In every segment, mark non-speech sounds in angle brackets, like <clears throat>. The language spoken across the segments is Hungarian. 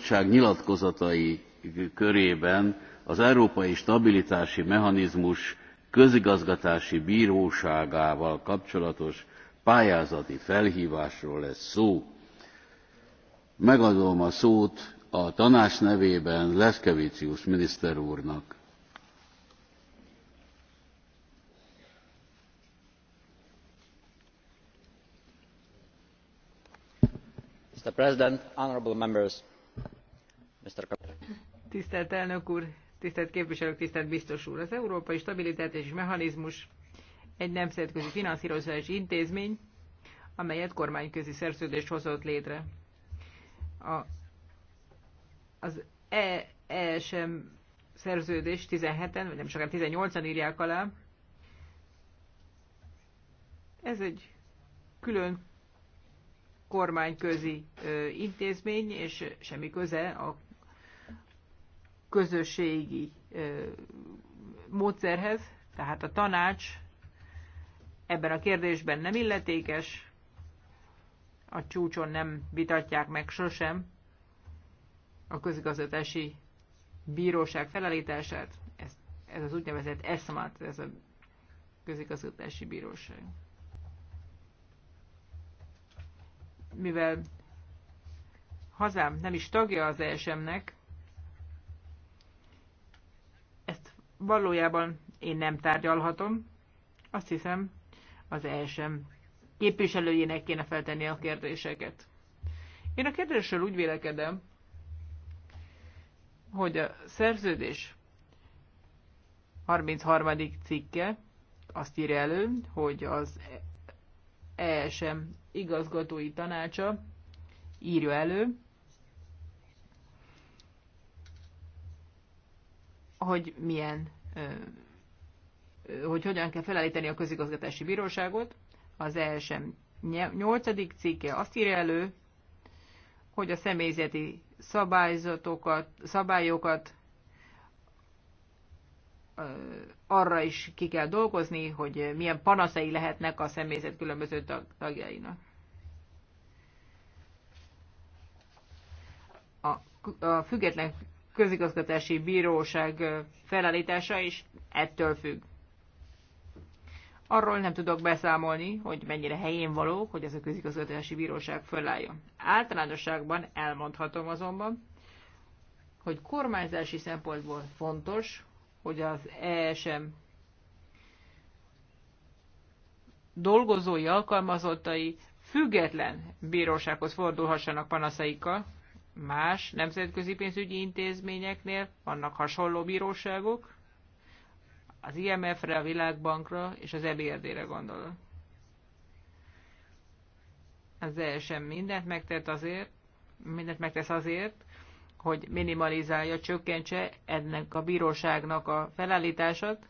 bizottság nyilatkozatai körében az európai stabilitási mechanizmus közigazgatási bróságával kapcsolatos pályázati felhvásról lesz szó. megadom a szót a tanács nevében leszkevicius miniszter úrnak. mr president members Mr. Tisztelt elnök úr, tisztelt képviselők, tisztelt biztos úr! Az Európai Stabilitási Mechanizmus egy nemzetközi finanszírozási intézmény, amelyet kormányközi szerződést hozott létre. A, az ESM e szerződés 17-en, vagy nem csak 18-an írják alá. Ez egy külön kormányközi intézmény, és semmi köze a közösségi módszerhez, tehát a tanács ebben a kérdésben nem illetékes, a csúcson nem vitatják meg sosem a közigazgatási bíróság felállítását, ez, ez az úgynevezett ESMAT, ez a közigazgatási bíróság. Mivel hazám nem is tagja az ESM-nek, valójában én nem tárgyalhatom. Azt hiszem, az ESM képviselőjének kéne feltenni a kérdéseket. Én a kérdésről úgy vélekedem, hogy a szerződés 33. cikke azt írja elő, hogy az ESM igazgatói tanácsa írja elő, hogy milyen, hogy hogyan kell felállítani a közigazgatási bíróságot. Az ESM 8. cikke azt írja elő, hogy a személyzeti szabályzatokat, szabályokat arra is ki kell dolgozni, hogy milyen panaszai lehetnek a személyzet különböző tagjainak. A, a független közigazgatási bíróság felállítása is ettől függ. Arról nem tudok beszámolni, hogy mennyire helyén való, hogy ez a közigazgatási bíróság fölálljon. Általánosságban elmondhatom azonban, hogy kormányzási szempontból fontos, hogy az ESM dolgozói alkalmazottai független bírósághoz fordulhassanak panaszaikkal, más nemzetközi pénzügyi intézményeknél vannak hasonló bíróságok, az IMF-re, a Világbankra és az EBRD-re gondolok. Ez teljesen mindent megtett azért, mindent megtesz azért, hogy minimalizálja, csökkentse ennek a bíróságnak a felállítását,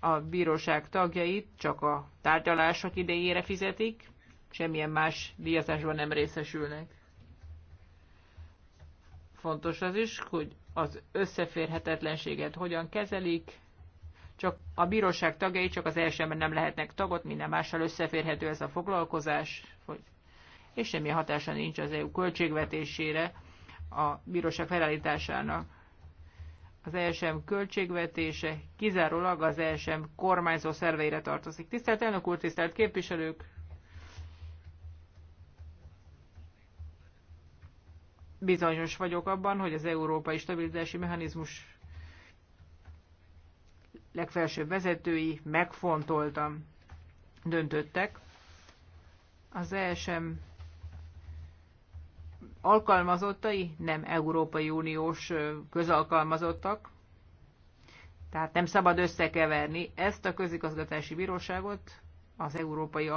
a bíróság tagjait csak a tárgyalások idejére fizetik, semmilyen más díjazásban nem részesülnek. Fontos az is, hogy az összeférhetetlenséget hogyan kezelik, csak a bíróság tagjai csak az elsőben nem lehetnek tagot, minden mással összeférhető ez a foglalkozás, hogy, és semmi hatása nincs az EU költségvetésére a bíróság felállításának. Az ESM költségvetése kizárólag az ESM kormányzó szerveire tartozik. Tisztelt elnök úr, tisztelt képviselők! bizonyos vagyok abban, hogy az európai stabilizási mechanizmus legfelsőbb vezetői megfontoltam döntöttek. Az ESM alkalmazottai nem Európai Uniós közalkalmazottak, tehát nem szabad összekeverni ezt a közigazgatási bíróságot az európai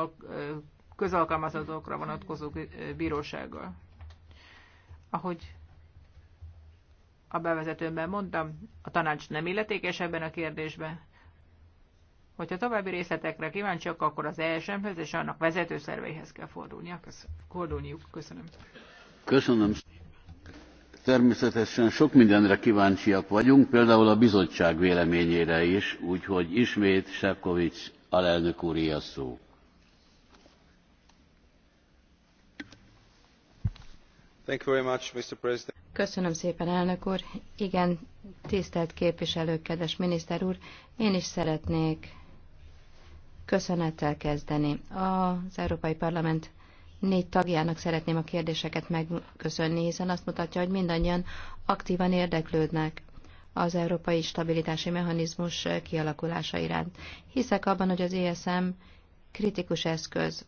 közalkalmazottokra vonatkozó bírósággal. Ahogy a bevezetőmben mondtam, a tanács nem illetékes ebben a kérdésben. Hogyha további részletekre kíváncsiak, akkor az ESM-hez és annak vezetőszerveihez kell fordulnia. Fordulniuk. Köszönöm. Köszönöm. Természetesen sok mindenre kíváncsiak vagyunk, például a bizottság véleményére is, úgyhogy ismét Sefkovics alelnök úr szó. Köszönöm szépen, elnök úr. Igen, tisztelt képviselők, kedves miniszter úr, én is szeretnék köszönettel kezdeni. Az Európai Parlament négy tagjának szeretném a kérdéseket megköszönni, hiszen azt mutatja, hogy mindannyian aktívan érdeklődnek az európai stabilitási mechanizmus kialakulása iránt. Hiszek abban, hogy az ESM kritikus eszköz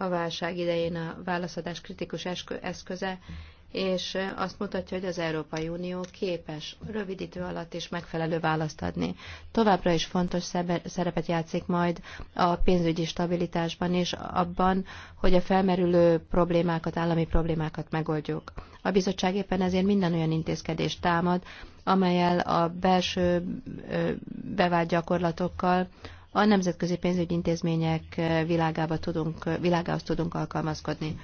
a válság idején a válaszadás kritikus eszköze, és azt mutatja, hogy az Európai Unió képes rövid idő alatt is megfelelő választ adni. Továbbra is fontos szerepet játszik majd a pénzügyi stabilitásban és abban, hogy a felmerülő problémákat, állami problémákat megoldjuk. A bizottság éppen ezért minden olyan intézkedést támad, amelyel a belső bevált gyakorlatokkal a nemzetközi pénzügyi intézmények eh, világába tudunk, eh, világához tudunk alkalmazkodni.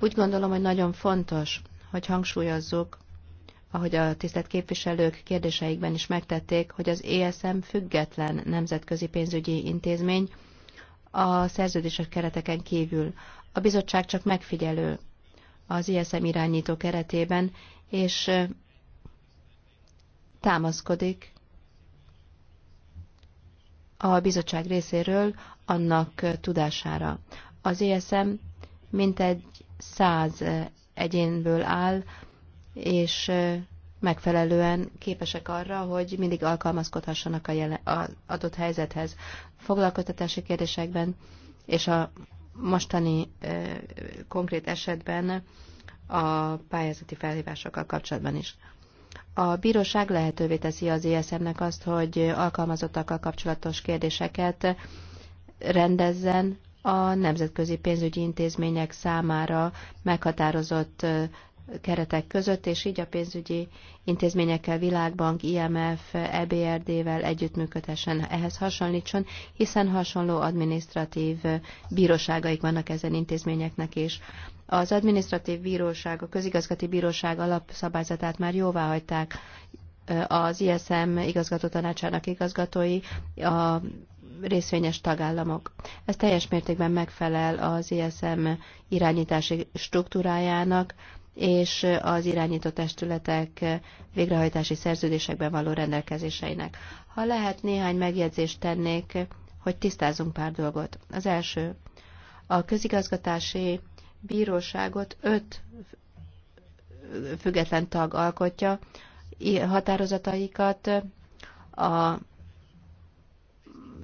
Úgy gondolom, hogy nagyon fontos, hogy hangsúlyozzuk, ahogy a tisztelt képviselők kérdéseikben is megtették, hogy az ESM független nemzetközi pénzügyi intézmény a szerződések kereteken kívül. A bizottság csak megfigyelő az ISM e irányító keretében, és eh, támaszkodik a bizottság részéről annak tudására. Az ESM mintegy száz egyénből áll, és megfelelően képesek arra, hogy mindig alkalmazkodhassanak a jelen, a adott helyzethez. Foglalkoztatási kérdésekben és a mostani e, konkrét esetben a pályázati felhívásokkal kapcsolatban is. A bíróság lehetővé teszi az ISM-nek azt, hogy alkalmazottakkal kapcsolatos kérdéseket rendezzen a nemzetközi pénzügyi intézmények számára meghatározott keretek között, és így a pénzügyi intézményekkel Világbank, IMF, EBRD-vel együttműködhessen ehhez hasonlítson, hiszen hasonló adminisztratív bíróságaik vannak ezen intézményeknek is. Az adminisztratív bíróság, a közigazgati bíróság alapszabályzatát már jóvá hagyták az ISM igazgató tanácsának igazgatói, a részvényes tagállamok. Ez teljes mértékben megfelel az ISM irányítási struktúrájának, és az irányító testületek végrehajtási szerződésekben való rendelkezéseinek. Ha lehet, néhány megjegyzést tennék, hogy tisztázunk pár dolgot. Az első, a közigazgatási bíróságot öt független tag alkotja, határozataikat a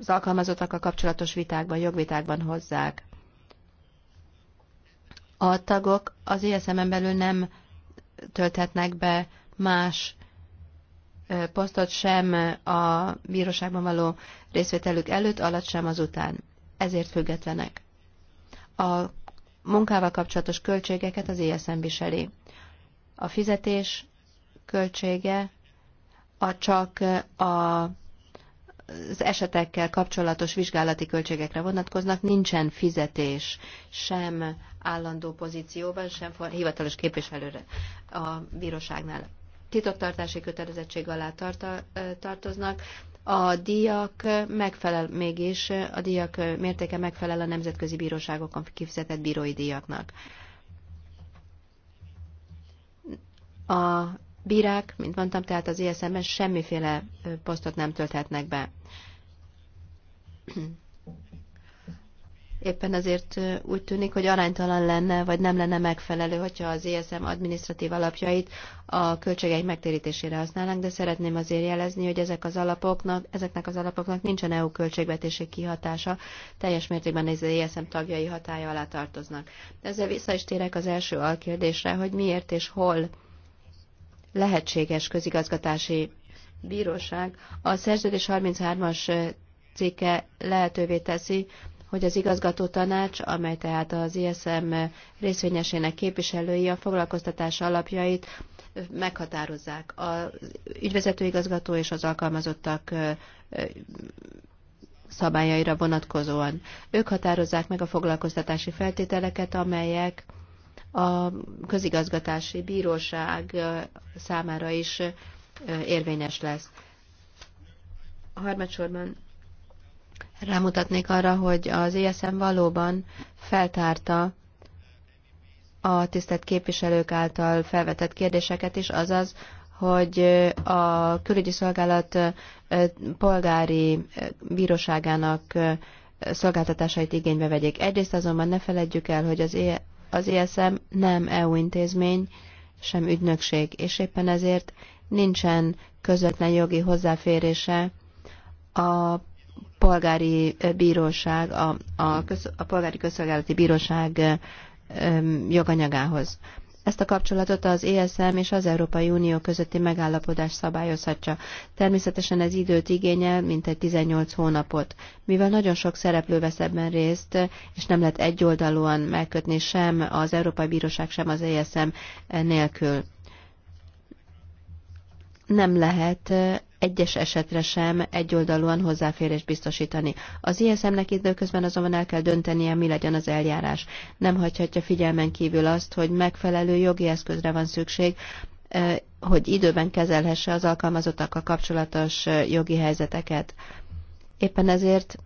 az alkalmazottakkal kapcsolatos vitákban, jogvitákban hozzák. A tagok az ISM-en belül nem tölthetnek be más posztot sem a bíróságban való részvételük előtt, alatt sem azután. Ezért függetlenek. A munkával kapcsolatos költségeket az ISM e viseli. A fizetés költsége a csak a az esetekkel kapcsolatos vizsgálati költségekre vonatkoznak, nincsen fizetés sem állandó pozícióban, sem hivatalos képviselőre a bíróságnál. Titoktartási kötelezettség alá tarta, tartoznak, a díjak megfelel mégis, a díjak mértéke megfelel a nemzetközi bíróságokon kifizetett bírói díjaknak. A bírák, mint mondtam, tehát az ISM-ben semmiféle posztot nem tölthetnek be. Éppen ezért úgy tűnik, hogy aránytalan lenne, vagy nem lenne megfelelő, hogyha az ESM administratív alapjait a költségeik megtérítésére használnánk, de szeretném azért jelezni, hogy ezek az alapoknak, ezeknek az alapoknak nincsen EU költségvetési kihatása, teljes mértékben az ESM tagjai hatája alá tartoznak. De ezzel vissza is térek az első alkérdésre, hogy miért és hol lehetséges közigazgatási bíróság. A szerződés 33-as cikke lehetővé teszi, hogy az igazgató tanács, amely tehát az ISM részvényesének képviselői a foglalkoztatás alapjait meghatározzák. Az ügyvezető igazgató és az alkalmazottak szabályaira vonatkozóan. Ők határozzák meg a foglalkoztatási feltételeket, amelyek a közigazgatási bíróság számára is érvényes lesz. Harmadsorban Rámutatnék arra, hogy az ISM e valóban feltárta a tisztelt képviselők által felvetett kérdéseket is, azaz, hogy a külügyi szolgálat polgári bíróságának szolgáltatásait igénybe vegyék. Egyrészt azonban ne feledjük el, hogy az, ISM e- e nem EU intézmény, sem ügynökség, és éppen ezért nincsen közvetlen jogi hozzáférése a polgári eh, bíróság, a, a, köz, a polgári közszolgálati bíróság eh, joganyagához. Ezt a kapcsolatot az ESM és az Európai Unió közötti megállapodás szabályozhatja. Természetesen ez időt igényel, mintegy 18 hónapot. Mivel nagyon sok szereplő vesz ebben részt, és nem lehet egyoldalúan megkötni sem az Európai Bíróság, sem az ESM nélkül nem lehet egyes esetre sem egyoldalúan hozzáférés biztosítani. Az ISM-nek időközben azonban el kell döntenie, mi legyen az eljárás. Nem hagyhatja figyelmen kívül azt, hogy megfelelő jogi eszközre van szükség, hogy időben kezelhesse az alkalmazottakkal kapcsolatos jogi helyzeteket. Éppen ezért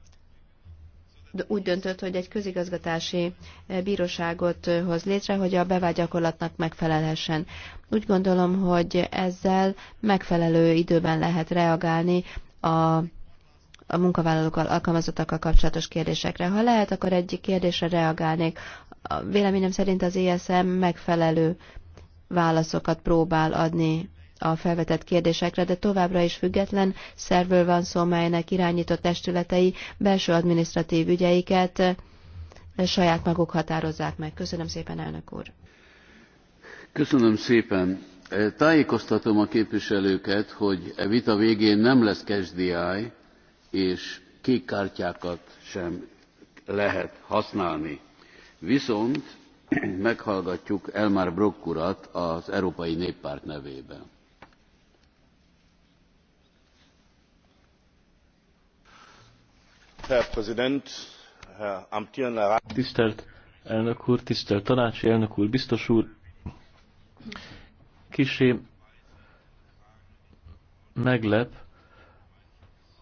úgy döntött, hogy egy közigazgatási eh, bíróságot eh, hoz létre, hogy a bevágyakorlatnak megfelelhessen. Úgy gondolom, hogy ezzel megfelelő időben lehet reagálni a a munkavállalókkal, alkalmazottakkal kapcsolatos kérdésekre. Ha lehet, akkor egyik kérdésre reagálnék. Véleményem szerint az ESM megfelelő válaszokat próbál adni a felvetett kérdésekre, de továbbra is független szervől van szó, melynek irányított testületei belső adminisztratív ügyeiket eh, saját maguk határozzák meg. Köszönöm szépen, elnök úr! Köszönöm szépen! Eh, tájékoztatom a képviselőket, hogy e vita végén nem lesz kezdiáj, és kék kártyákat sem lehet használni. Viszont meghallgatjuk Elmar Brokk urat az Európai Néppárt nevében. Tisztelt elnök úr, tisztelt tanácsi elnök úr, biztos úr, kisé meglep,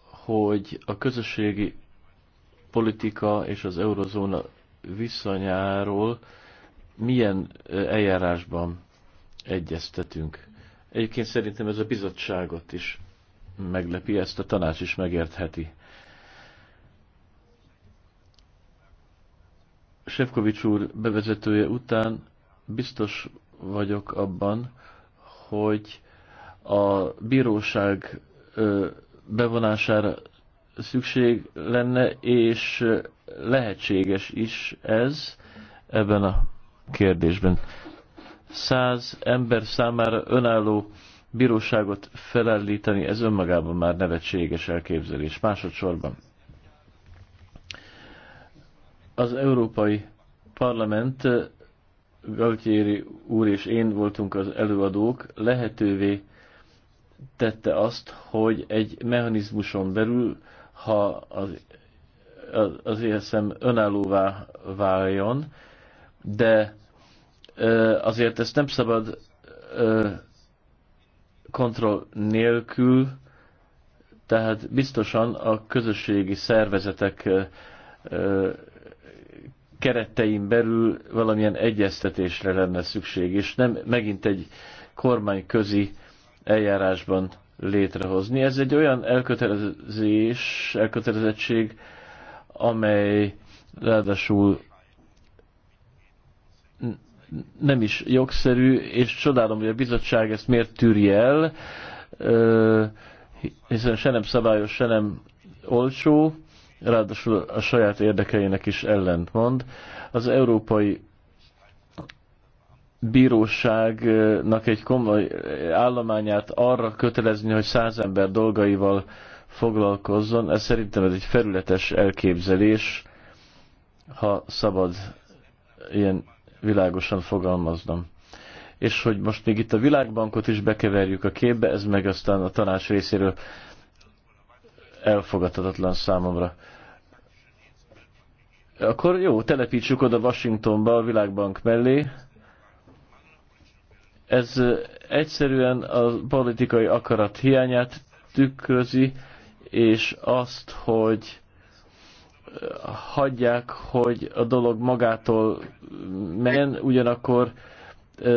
hogy a közösségi politika és az eurozóna viszonyáról milyen eljárásban egyeztetünk. Egyébként szerintem ez a bizottságot is meglepi, ezt a tanács is megértheti. Sefkovics úr bevezetője után biztos vagyok abban, hogy a bíróság bevonására szükség lenne, és lehetséges is ez ebben a kérdésben. Száz ember számára önálló bíróságot felállítani, ez önmagában már nevetséges elképzelés. Másodszorban az Európai Parlament eh, Galtieri úr és én voltunk az előadók, lehetővé tette azt, hogy egy mechanizmuson belül, ha az, az ESM önállóvá váljon, de eh, azért ezt nem szabad eh, kontroll nélkül, tehát biztosan a közösségi szervezetek keretein belül valamilyen egyeztetésre lenne szükség, és nem megint egy kormányközi eljárásban létrehozni. Ez egy olyan elkötelezés, elkötelezettség, amely ráadásul nem is jogszerű, és csodálom, hogy a bizottság ezt miért tűri el, hiszen se nem szabályos, se nem olcsó, ráadásul a saját érdekeinek is ellentmond. Az Európai Bíróságnak egy komoly állományát arra kötelezni, hogy száz ember dolgaival foglalkozzon, ez szerintem ez egy felületes elképzelés, ha szabad ilyen világosan fogalmaznom. És hogy most még itt a világbankot is bekeverjük a képbe, ez meg aztán a tanács részéről elfogadhatatlan számomra akkor jó, telepítsük oda Washingtonba a világbank mellé. Ez egyszerűen a politikai akarat hiányát tükrözi, és azt, hogy hagyják, hogy a dolog magától mm, menjen, ugyanakkor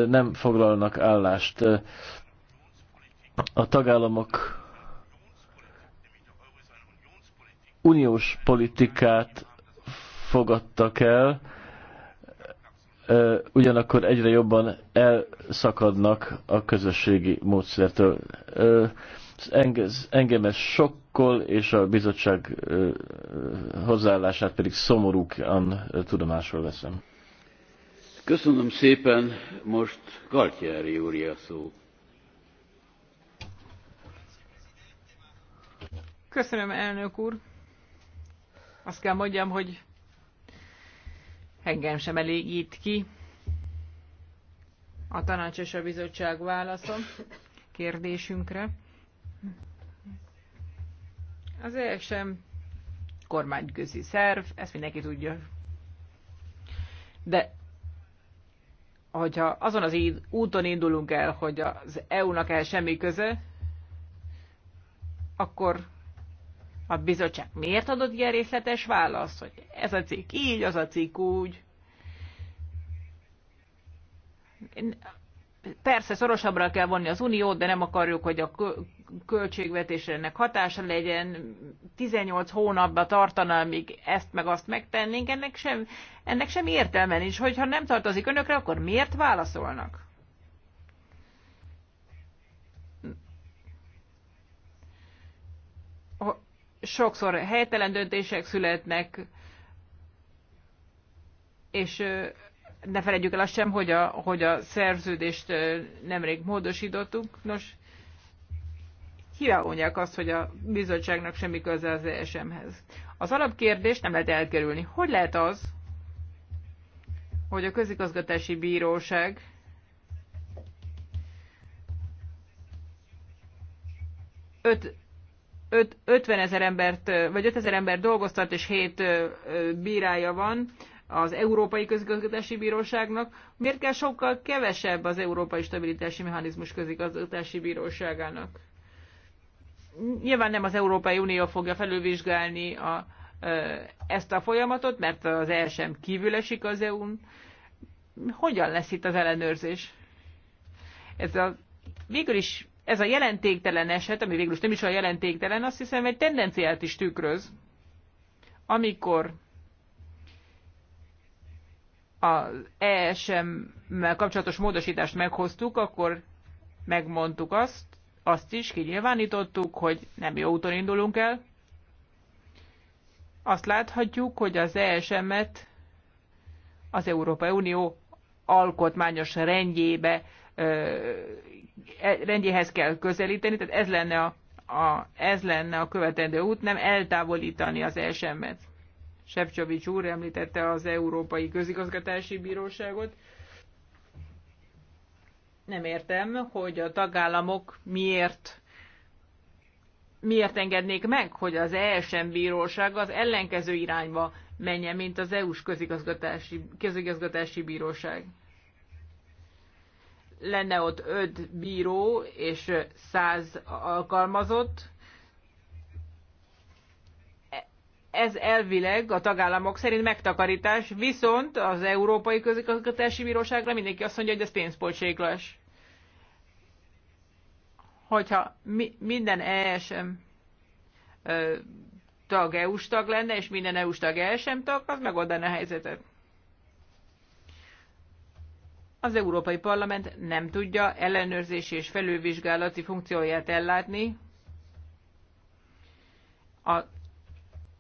nem foglalnak állást. A tagállamok uniós politikát fogadtak el, ugyanakkor egyre jobban elszakadnak a közösségi módszertől. Engem ez sokkol, és a bizottság hozzáállását pedig szomorúkan tudomásról veszem. Köszönöm szépen, most Galtieri úr a szó. Köszönöm, elnök úr. Azt kell mondjam, hogy engem sem elégít ki a tanács és a bizottság válaszom kérdésünkre. Az sem kormányközi szerv, ezt mindenki tudja. De hogyha azon az úton indulunk el, hogy az EU-nak el semmi köze, akkor a bizottság miért adott ilyen részletes választ, hogy ez a cikk így, az a cikk úgy? Persze szorosabbra kell vonni az uniót, de nem akarjuk, hogy a költségvetésre ennek hatása legyen. 18 hónapba tartana, míg ezt meg azt megtennénk, ennek sem, ennek sem értelme nincs. Hogyha nem tartozik önökre, akkor miért válaszolnak? sokszor helytelen döntések születnek, és ne felejtjük el azt sem, hogy a, hogy a szerződést nemrég módosítottuk. Nos, hiányolják azt, hogy a bizottságnak semmi köze az ESM-hez. Az alapkérdést nem lehet elkerülni. Hogy lehet az, hogy a közigazgatási bíróság öt 50 ezer embert, vagy 5 ezer ember dolgoztat, és 7 bírája van az Európai Közigazgatási Bíróságnak. Miért kell sokkal kevesebb az Európai Stabilitási Mechanizmus Közigazgatási Bíróságának? Nyilván nem az Európai Unió fogja felülvizsgálni a, ezt a folyamatot, mert az el sem kívül esik az EU-n. Hogyan lesz itt az ellenőrzés? Ez a, végül is ez a jelentéktelen eset, ami végül is nem is a jelentéktelen, azt hiszem egy tendenciát is tükröz, amikor az ESM-mel kapcsolatos módosítást meghoztuk, akkor megmondtuk azt, azt is kinyilvánítottuk, hogy nem jó úton indulunk el. Azt láthatjuk, hogy az ESM-et az Európai Unió alkotmányos rendjébe ö, E, rendjéhez kell közelíteni, tehát ez lenne a, a, ez lenne a követendő út, nem eltávolítani az ESM-et. Sefcsovics úr említette az Európai Közigazgatási Bíróságot. Nem értem, hogy a tagállamok miért miért engednék meg, hogy az ESM bíróság az ellenkező irányba menjen, mint az EU-s közigazgatási, közigazgatási bíróság lenne ott 5 bíró és 100 alkalmazott. Ez elvileg a tagállamok szerint megtakarítás, viszont az Európai Közigazgatási Bíróságra mindenki azt mondja, hogy ez pénzpoltséglás. Hogyha mi, minden ESM tag EU-s tag lenne, és minden EU-s tag ESM tag, az megoldaná a helyzetet. Az Európai Parlament nem tudja ellenőrzési és felülvizsgálati funkcióját ellátni. A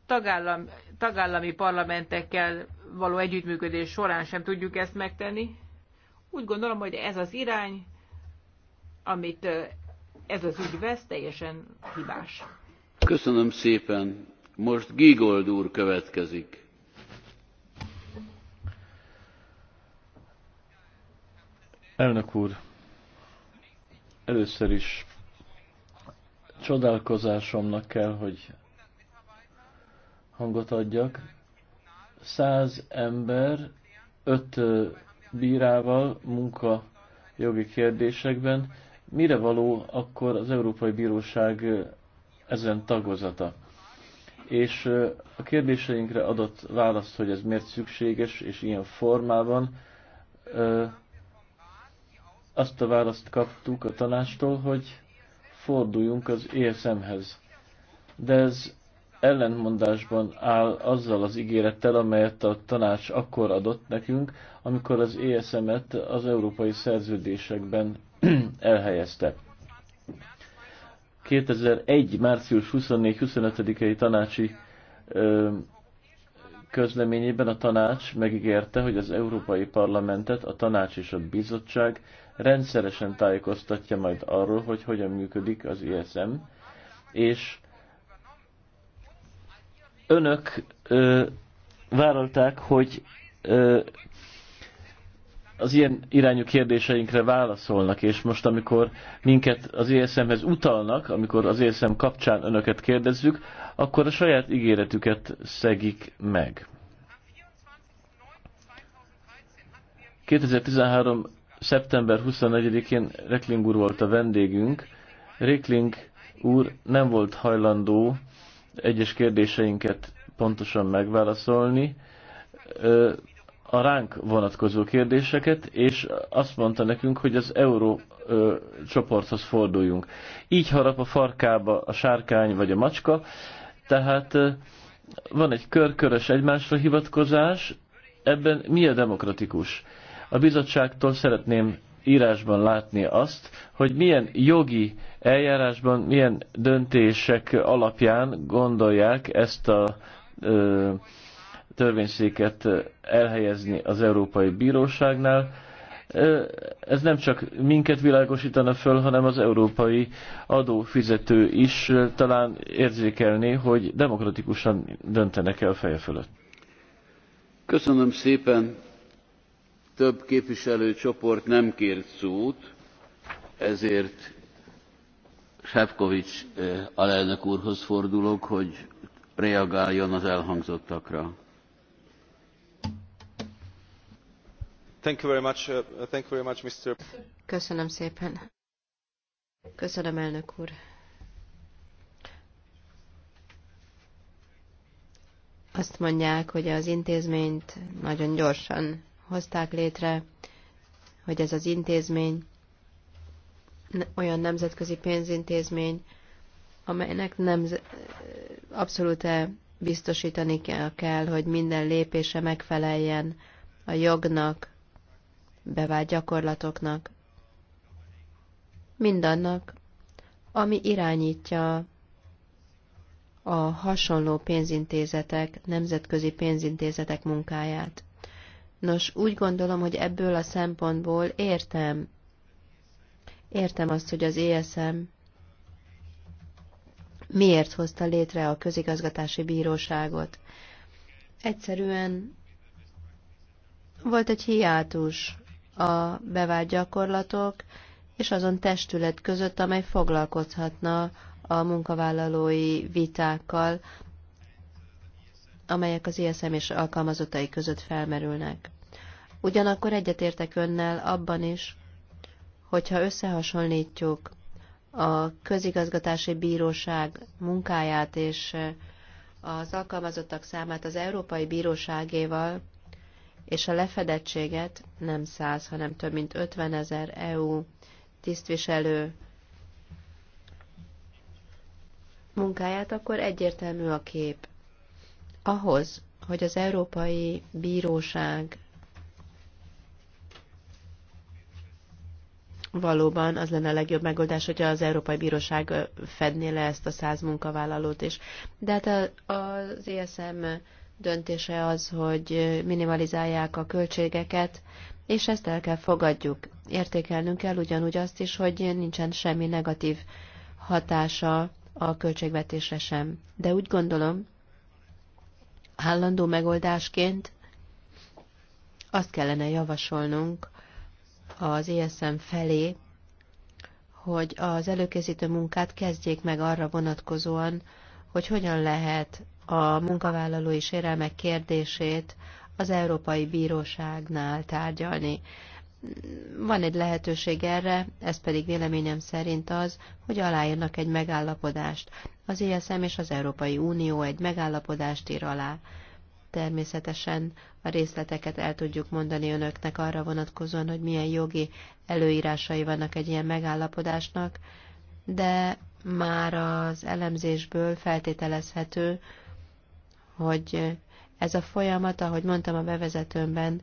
tagállam, tagállami parlamentekkel való együttműködés során sem tudjuk ezt megtenni. Úgy gondolom, hogy ez az irány, amit ez az ügy vesz, teljesen hibás. Köszönöm szépen. Most Gigold úr következik. Elnök úr, először is csodálkozásomnak kell, hogy hangot adjak. Száz ember öt bírával munka jogi kérdésekben. Mire való akkor az Európai Bíróság ezen tagozata? És a kérdéseinkre adott választ, hogy ez miért szükséges és ilyen formában, azt a választ kaptuk a tanástól, hogy forduljunk az ESM-hez. De ez ellentmondásban áll azzal az ígérettel, amelyet a tanács akkor adott nekünk, amikor az ESM-et az európai szerződésekben <clears throat> elhelyezte. 2001. március 24-25-i tanácsi ö, közleményében a tanács megígérte, hogy az Európai Parlamentet, a tanács és a bizottság rendszeresen tájékoztatja majd arról, hogy hogyan működik az ISM, és önök ö, vállalták, hogy ö, az ilyen irányú kérdéseinkre válaszolnak, és most amikor minket az ESM-hez utalnak, amikor az ESM kapcsán önöket kérdezzük, akkor a saját ígéretüket szegik meg. 2013. szeptember 24-én Rekling úr volt a vendégünk. Rekling úr nem volt hajlandó egyes kérdéseinket pontosan megválaszolni a ránk vonatkozó kérdéseket, és azt mondta nekünk, hogy az euró ö, csoporthoz forduljunk. Így harap a farkába a sárkány vagy a macska, tehát ö, van egy körkörös egymásra hivatkozás, ebben mi a demokratikus? A bizottságtól szeretném írásban látni azt, hogy milyen jogi eljárásban, milyen döntések alapján gondolják ezt a ö, törvényszéket elhelyezni az Európai Bíróságnál. Ez nem csak minket világosítana föl, hanem az európai adófizető is talán érzékelné, hogy demokratikusan döntenek el feje fölött. Köszönöm szépen. Több képviselőcsoport nem kért szót, ezért Sefkovics alelnök úrhoz fordulok, hogy reagáljon az elhangzottakra. Uh, Köszönöm szépen. Köszönöm, elnök úr. Azt mondják, hogy az intézményt nagyon gyorsan hozták létre, hogy ez az intézmény olyan nemzetközi pénzintézmény, amelynek nem abszolút -e biztosítani kell, hogy minden lépése megfeleljen a jognak, bevált gyakorlatoknak, mindannak, ami irányítja a hasonló pénzintézetek, nemzetközi pénzintézetek munkáját. Nos, úgy gondolom, hogy ebből a szempontból értem. Értem azt, hogy az ESM miért hozta létre a közigazgatási bíróságot. Egyszerűen volt egy hiátus a bevált gyakorlatok és azon testület között, amely foglalkozhatna a munkavállalói vitákkal, amelyek az ISM és alkalmazottai között felmerülnek. Ugyanakkor egyetértek önnel abban is, hogyha összehasonlítjuk a közigazgatási bíróság munkáját és az alkalmazottak számát az Európai Bíróságéval, és a lefedettséget nem 100, hanem több mint 50 ezer EU tisztviselő munkáját, akkor egyértelmű a kép. Ahhoz, hogy az Európai Bíróság valóban az lenne a legjobb megoldás, hogyha az Európai Bíróság fedné le ezt a száz munkavállalót is. De hát az ESM döntése az, hogy minimalizálják a költségeket, és ezt el kell fogadjuk. Értékelnünk kell ugyanúgy azt is, hogy nincsen semmi negatív hatása a költségvetésre sem. De úgy gondolom, állandó megoldásként azt kellene javasolnunk az ESM felé, hogy az előkészítő munkát kezdjék meg arra vonatkozóan, hogy hogyan lehet a munkavállalói sérelmek kérdését az Európai Bíróságnál tárgyalni. Van egy lehetőség erre, ez pedig véleményem szerint az, hogy aláírnak egy megállapodást. Az ISM és az Európai Unió egy megállapodást ír alá. Természetesen a részleteket el tudjuk mondani önöknek arra vonatkozóan, hogy milyen jogi előírásai vannak egy ilyen megállapodásnak, de már az elemzésből feltételezhető, hogy ez a folyamat, ahogy mondtam a bevezetőmben,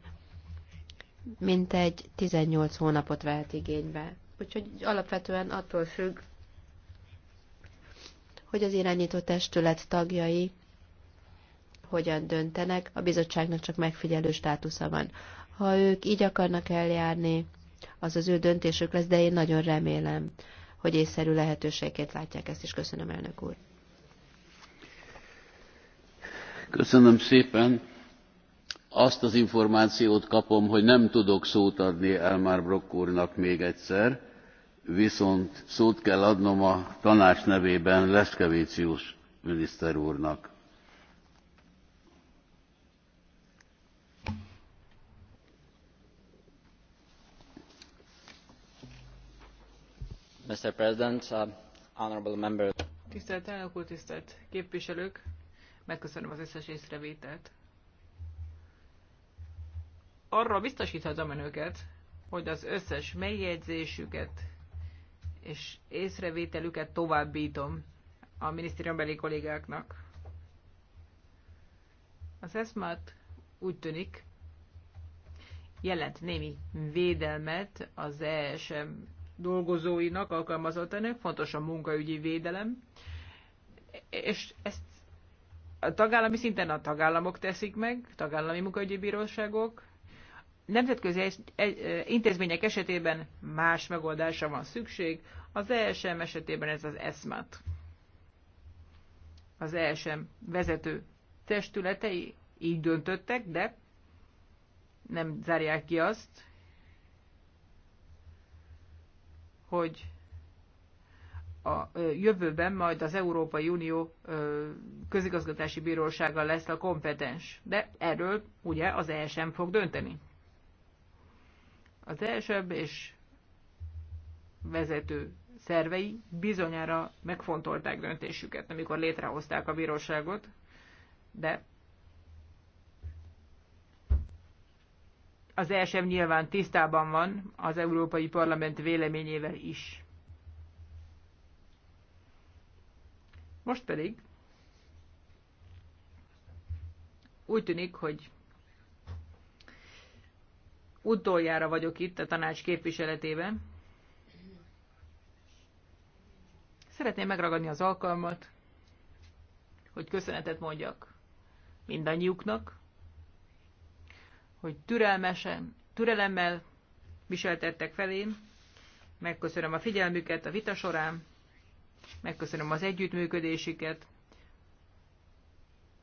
mintegy 18 hónapot vehet igénybe. Úgyhogy alapvetően attól függ, hogy az irányító testület tagjai hogyan döntenek, a bizottságnak csak megfigyelő státusza van. Ha ők így akarnak eljárni, az az ő döntésük lesz, de én nagyon remélem, hogy észszerű lehetőségként látják ezt is. Köszönöm, elnök úr. Köszönöm szépen. Azt az információt kapom, hogy nem tudok szót adni Elmár Brock úrnak még egyszer, viszont szót kell adnom a tanács nevében Leszkevécius miniszter úrnak. Mr. President, uh, honorable members. Tisztelt elnök úr, tisztelt képviselők! Megköszönöm az összes észrevételt. Arra biztosíthatom önöket, hogy az összes megjegyzésüket és észrevételüket továbbítom a minisztériumbeli kollégáknak. Az eszmát úgy tűnik, jelent némi védelmet az ESM dolgozóinak, ennek fontos a munkaügyi védelem, és ezt a tagállami szinten a tagállamok teszik meg, tagállami munkaügyi bíróságok. Nemzetközi intézmények esetében más megoldásra van szükség, az ESM esetében ez az ESMAT. Az ESM vezető testületei így döntöttek, de nem zárják ki azt, hogy a jövőben majd az Európai Unió közigazgatási bírósága lesz a kompetens. De erről ugye az ESM fog dönteni. Az elsőbb és vezető szervei bizonyára megfontolták döntésüket, amikor létrehozták a bíróságot, de az ESM nyilván tisztában van az Európai Parlament véleményével is. Most pedig úgy tűnik, hogy utoljára vagyok itt a tanács képviseletében. Szeretném megragadni az alkalmat, hogy köszönetet mondjak mindannyiuknak, hogy türelmesen, türelemmel viseltettek felém. Megköszönöm a figyelmüket a vita során megköszönöm az együttműködésüket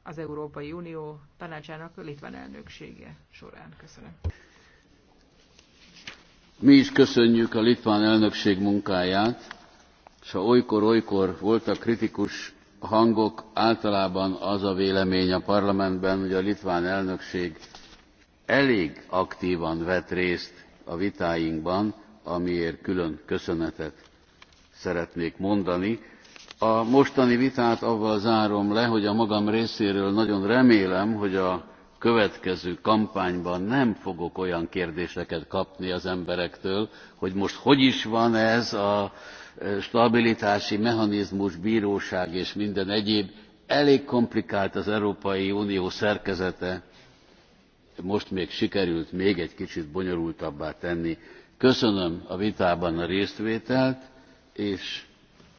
az Európai Unió tanácsának litván elnöksége során. Köszönöm. Mi is köszönjük a litván elnökség munkáját, és ha olykor-olykor voltak kritikus hangok, általában az a vélemény a parlamentben, hogy a litván elnökség elég aktívan vett részt a vitáinkban, amiért külön köszönetet szeretnék mondani. a mostani vitát azzal zárom le hogy a magam részéről nagyon remélem hogy a következő kampányban nem fogok olyan kérdéseket kapni az emberektől hogy most hogy is van ez a e, stabilitási mechanizmus bróság és minden egyéb elég komplikált az európai unió szerkezete most még sikerült még egy kicsit bonyolultabbá tenni. köszönöm a vitában a résztvételt és